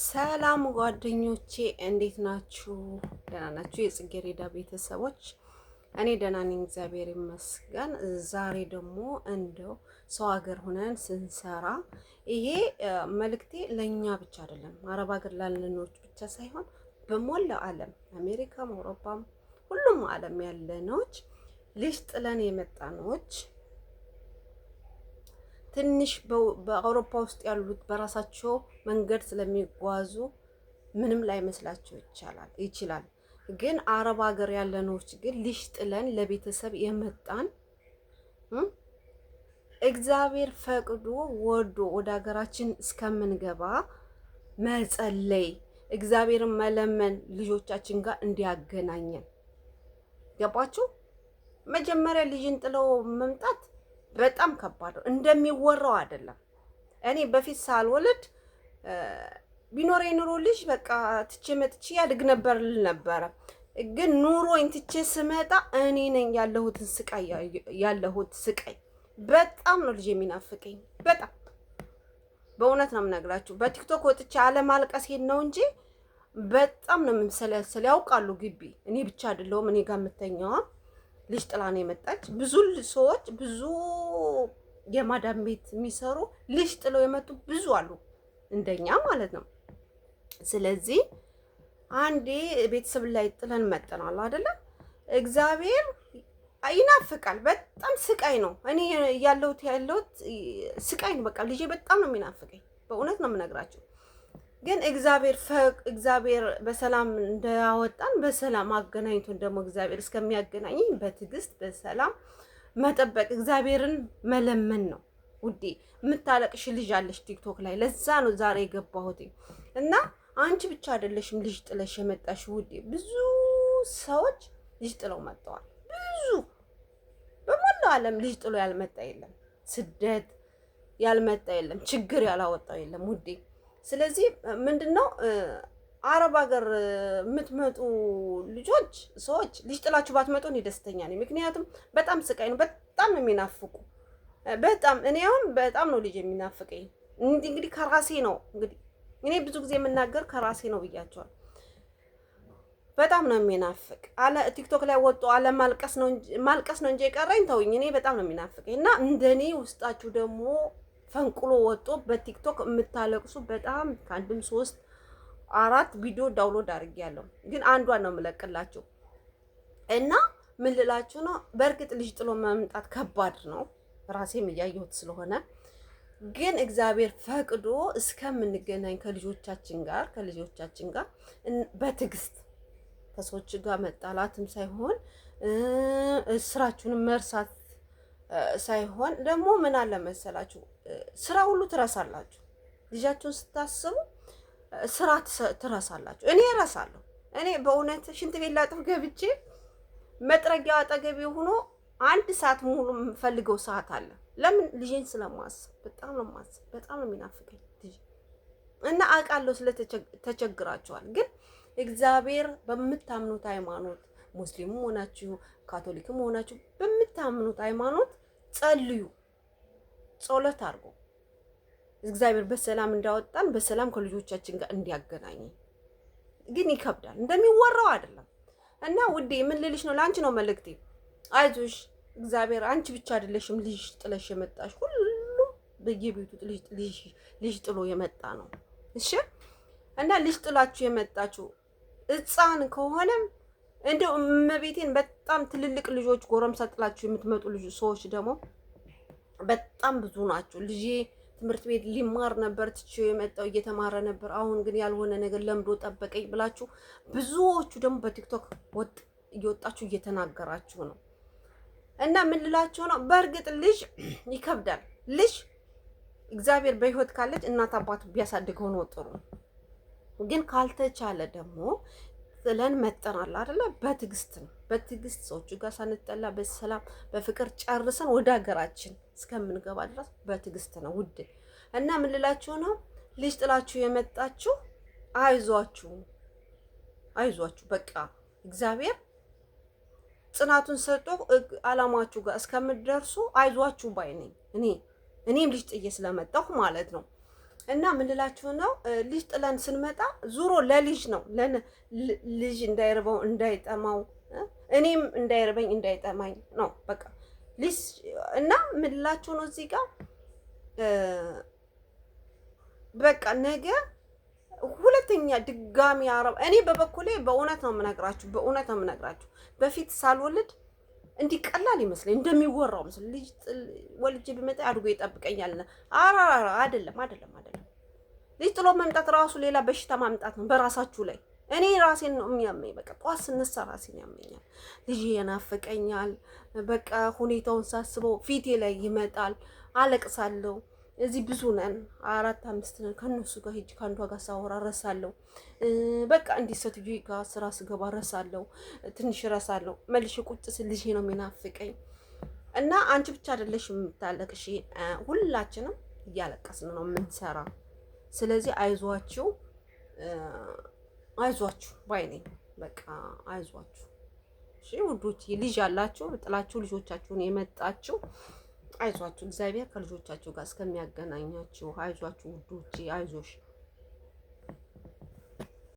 ሰላም ጓደኞቼ እንዴት ናችሁ? ደህና ናችሁ? የጽጌሬዳ ቤተሰቦች እኔ ደህና ነኝ፣ እግዚአብሔር ይመስገን። ዛሬ ደግሞ እንደው ሰው ሀገር ሆነን ስንሰራ ይሄ መልእክቴ ለእኛ ብቻ አይደለም፣ አረብ ሀገር ላለኖች ብቻ ሳይሆን በሞላ ዓለም አሜሪካም፣ አውሮፓም ሁሉም ዓለም ያለኖች ልጅ ጥለን የመጣኖች ትንሽ በአውሮፓ ውስጥ ያሉት በራሳቸው መንገድ ስለሚጓዙ ምንም ላይመስላቸው ይቻላል ይችላል። ግን አረብ ሀገር ያለኖች ግን ልጅ ጥለን ለቤተሰብ የመጣን እግዚአብሔር ፈቅዶ ወዶ ወደ ሀገራችን እስከምንገባ መጸለይ፣ እግዚአብሔርን መለመን ልጆቻችን ጋር እንዲያገናኘን ገባችሁ? መጀመሪያ ልጅን ጥለው መምጣት በጣም ከባድ ነው። እንደሚወራው አይደለም። እኔ በፊት ሳልወለድ ቢኖረ የኑሮ ልጅ በቃ ትቼ መጥቼ ያድግ ነበር ልል ነበረ። ግን ኑሮኝ ትቼ ስመጣ እኔ ነኝ ያለሁትን ስቃይ ያለሁት ስቃይ በጣም ነው ልጅ የሚናፍቀኝ። በጣም በእውነት ነው የምነግራችሁ። በቲክቶክ ወጥቼ አለማልቀስ ነው እንጂ በጣም ነው የምንሰለስል። ያውቃሉ ግቢ እኔ ብቻ አይደለሁም እኔ ጋር የምተኛዋም ልጅ ጥላ ነው የመጣች። ብዙ ሰዎች ብዙ የማዳም ቤት የሚሰሩ ልጅ ጥለው የመጡ ብዙ አሉ፣ እንደኛ ማለት ነው። ስለዚህ አንዴ ቤተሰብ ላይ ጥለን መጠናል አይደለም። እግዚአብሔር ይናፍቃል። በጣም ስቃይ ነው። እኔ ያለሁት ያለሁት ስቃይ ነው። በቃ ልጄ በጣም ነው የሚናፍቀኝ። በእውነት ነው የምነግራቸው። ግን እግዚአብሔር እግዚአብሔር በሰላም እንዳያወጣን በሰላም አገናኝቶን ደግሞ እግዚአብሔር እስከሚያገናኝ በትዕግስት በሰላም መጠበቅ እግዚአብሔርን መለመን ነው። ውዴ የምታለቅሽ ልጅ አለሽ ቲክቶክ ላይ። ለዛ ነው ዛሬ የገባሁት እና አንቺ ብቻ አይደለሽም ልጅ ጥለሽ የመጣሽ ውዴ። ብዙ ሰዎች ልጅ ጥለው መጥተዋል። ብዙ በሞላው ዓለም ልጅ ጥሎ ያልመጣ የለም፣ ስደት ያልመጣ የለም፣ ችግር ያላወጣው የለም ውዴ ስለዚህ ምንድን ነው አረብ ሀገር የምትመጡ ልጆች ሰዎች ልጅ ጥላችሁ ባትመጡ እኔ ደስተኛ ነኝ። ምክንያቱም በጣም ስቃይ ነው። በጣም ነው የሚናፍቁ። በጣም እኔ አሁን በጣም ነው ልጅ የሚናፍቀኝ። እንግዲህ ከራሴ ነው እንግዲህ እኔ ብዙ ጊዜ የምናገር ከራሴ ነው ብያቸዋል። በጣም ነው የሚናፍቅ። አለ ቲክቶክ ላይ ወጡ አለ ማልቀስ ነው ማልቀስ ነው እንጂ የቀረኝ ተውኝ። እኔ በጣም ነው የሚናፍቀኝ እና እንደኔ ውስጣችሁ ደግሞ ፈንቅሎ ወጦ በቲክቶክ የምታለቅሱ በጣም ከአንድም ሶስት አራት ቪዲዮ ዳውንሎድ አድርጌያለሁ፣ ግን አንዷን ነው የምለቅላችሁ እና ምን ልላችሁ ነው፣ በእርግጥ ልጅ ጥሎ መምጣት ከባድ ነው። ራሴም እያየሁት ስለሆነ ግን እግዚአብሔር ፈቅዶ እስከምንገናኝ ከልጆቻችን ጋር ከልጆቻችን ጋር በትዕግስት ከሰዎች ጋር መጣላትም ሳይሆን ስራችሁንም መርሳት ሳይሆን ደግሞ ምን አለ መሰላችሁ ስራ ሁሉ ትረሳላችሁ። ልጃችሁን ስታስቡ ስራ ትረሳላችሁ። እኔ እረሳለሁ። እኔ በእውነት ሽንት ቤት ላጥፍ ገብቼ መጥረጊያው አጠገቤ ሆኖ አንድ ሰዓት ሙሉ የምፈልገው ሰዓት አለ። ለምን ልጄን ስለማስብ፣ በጣም ነው የማስብ፣ በጣም ነው የሚናፍቀኝ ልጅ እና አውቃለሁ። ስለ ግን እግዚአብሔር በምታምኑት ሃይማኖት ሙስሊምም ሆናችሁ ካቶሊክም ሆናችሁ በምታምኑት ሃይማኖት ጸልዩ። ጸሎት አድርጎ እግዚአብሔር በሰላም እንዳወጣን በሰላም ከልጆቻችን ጋር እንዲያገናኝ ግን ይከብዳል፣ እንደሚወራው አይደለም። እና ውዴ ምን ልልሽ ነው? ለአንቺ ነው መልእክቴ። አይዞሽ፣ እግዚአብሔር አንቺ ብቻ አይደለሽም ልጅ ጥለሽ የመጣሽ ሁሉም በየቤቱ ልጅ ጥሎ የመጣ ነው። እሺ። እና ልጅ ጥላችሁ የመጣችሁ ሕፃን ከሆነም እንደው እመቤቴን በጣም ትልልቅ ልጆች ጎረምሳ ጥላችሁ የምትመጡ ልጅ ሰዎች ደግሞ በጣም ብዙ ናቸው። ልጄ ትምህርት ቤት ሊማር ነበር ትቼው የመጣው እየተማረ ነበር፣ አሁን ግን ያልሆነ ነገር ለምዶ ጠበቀኝ ብላችሁ ብዙዎቹ ደግሞ በቲክቶክ ወጥ እየወጣችሁ እየተናገራችሁ ነው። እና ምን ልላችሁ ነው? በእርግጥ ልጅ ይከብዳል። ልጅ እግዚአብሔር በህይወት ካለች እናት አባቱ ቢያሳድገው ነው ጥሩ። ግን ካልተቻለ ደግሞ ጥለን መጠናል አይደለ? በትዕግስት ነው። በትዕግስት ሰዎቹ ጋር ሳንጠላ በሰላም በፍቅር ጨርሰን ወደ ሀገራችን እስከምንገባ ድረስ በትዕግስት ነው ውድ እና ምንላችሁ ነው፣ ልጅ ጥላችሁ የመጣችሁ አይዟችሁ፣ አይዟችሁ በቃ እግዚአብሔር ጽናቱን ሰጦ አላማችሁ ጋር እስከምትደርሱ አይዟችሁ ባይ ነኝ እኔ እኔም ልጅ ጥዬ ስለመጣሁ ማለት ነው። እና ምን ልላችሁ ነው ልጅ ጥለን ስንመጣ ዙሮ ለልጅ ነው። ልጅ እንዳይርበው እንዳይጠማው፣ እኔም እንዳይርበኝ እንዳይጠማኝ ነው በቃ ልጅ እና ምን ልላችሁ ነው እዚህ ጋር በቃ ነገ ሁለተኛ ድጋሚ አረብ እኔ በበኩሌ በእውነት ነው የምነግራችሁ፣ በእውነት ነው የምነግራችሁ በፊት ሳልወልድ እንዲህ ቀላል ይመስለኝ እንደሚወራው ምስል ልጅ ወልጄ ብመጣ አድጎ ይጠብቀኛል። አራራ አይደለም፣ አይደለም፣ አይደለም። ልጅ ጥሎ መምጣት ራሱ ሌላ በሽታ ማምጣት ነው በራሳችሁ ላይ። እኔ ራሴን ነው የሚያመኝ። በቃ ጠዋት ስነሳ ራሴን ያመኛል። ልጅ የናፍቀኛል። በቃ ሁኔታውን ሳስበው ፊቴ ላይ ይመጣል። አለቅሳለሁ። እዚህ ብዙ ነን፣ አራት አምስት ነን። ከነሱ ጋር ሂጅ ከአንዷ ጋር ሳወራ ረሳለሁ። በቃ እንዲህ ሴትዮ ጋር ስራ ስገባ ረሳለሁ፣ ትንሽ ረሳለሁ። መልሼ ቁጭ ስል ልጄ ነው የሚናፍቀኝ። እና አንቺ ብቻ አይደለሽ የምታለቅሽ፣ ሁላችንም እያለቀስን ነው የምንሰራ። ስለዚህ አይዟችሁ፣ አይዟችሁ ባይ ነኝ። በቃ አይዟችሁ ውዶች፣ ልጅ ያላችሁ ጥላችሁ ልጆቻችሁን የመጣችሁ አይዟችሁ፣ እግዚአብሔር ከልጆቻችሁ ጋር እስከሚያገናኛችሁ አይዟችሁ ውዶቼ፣ አይዞሽ።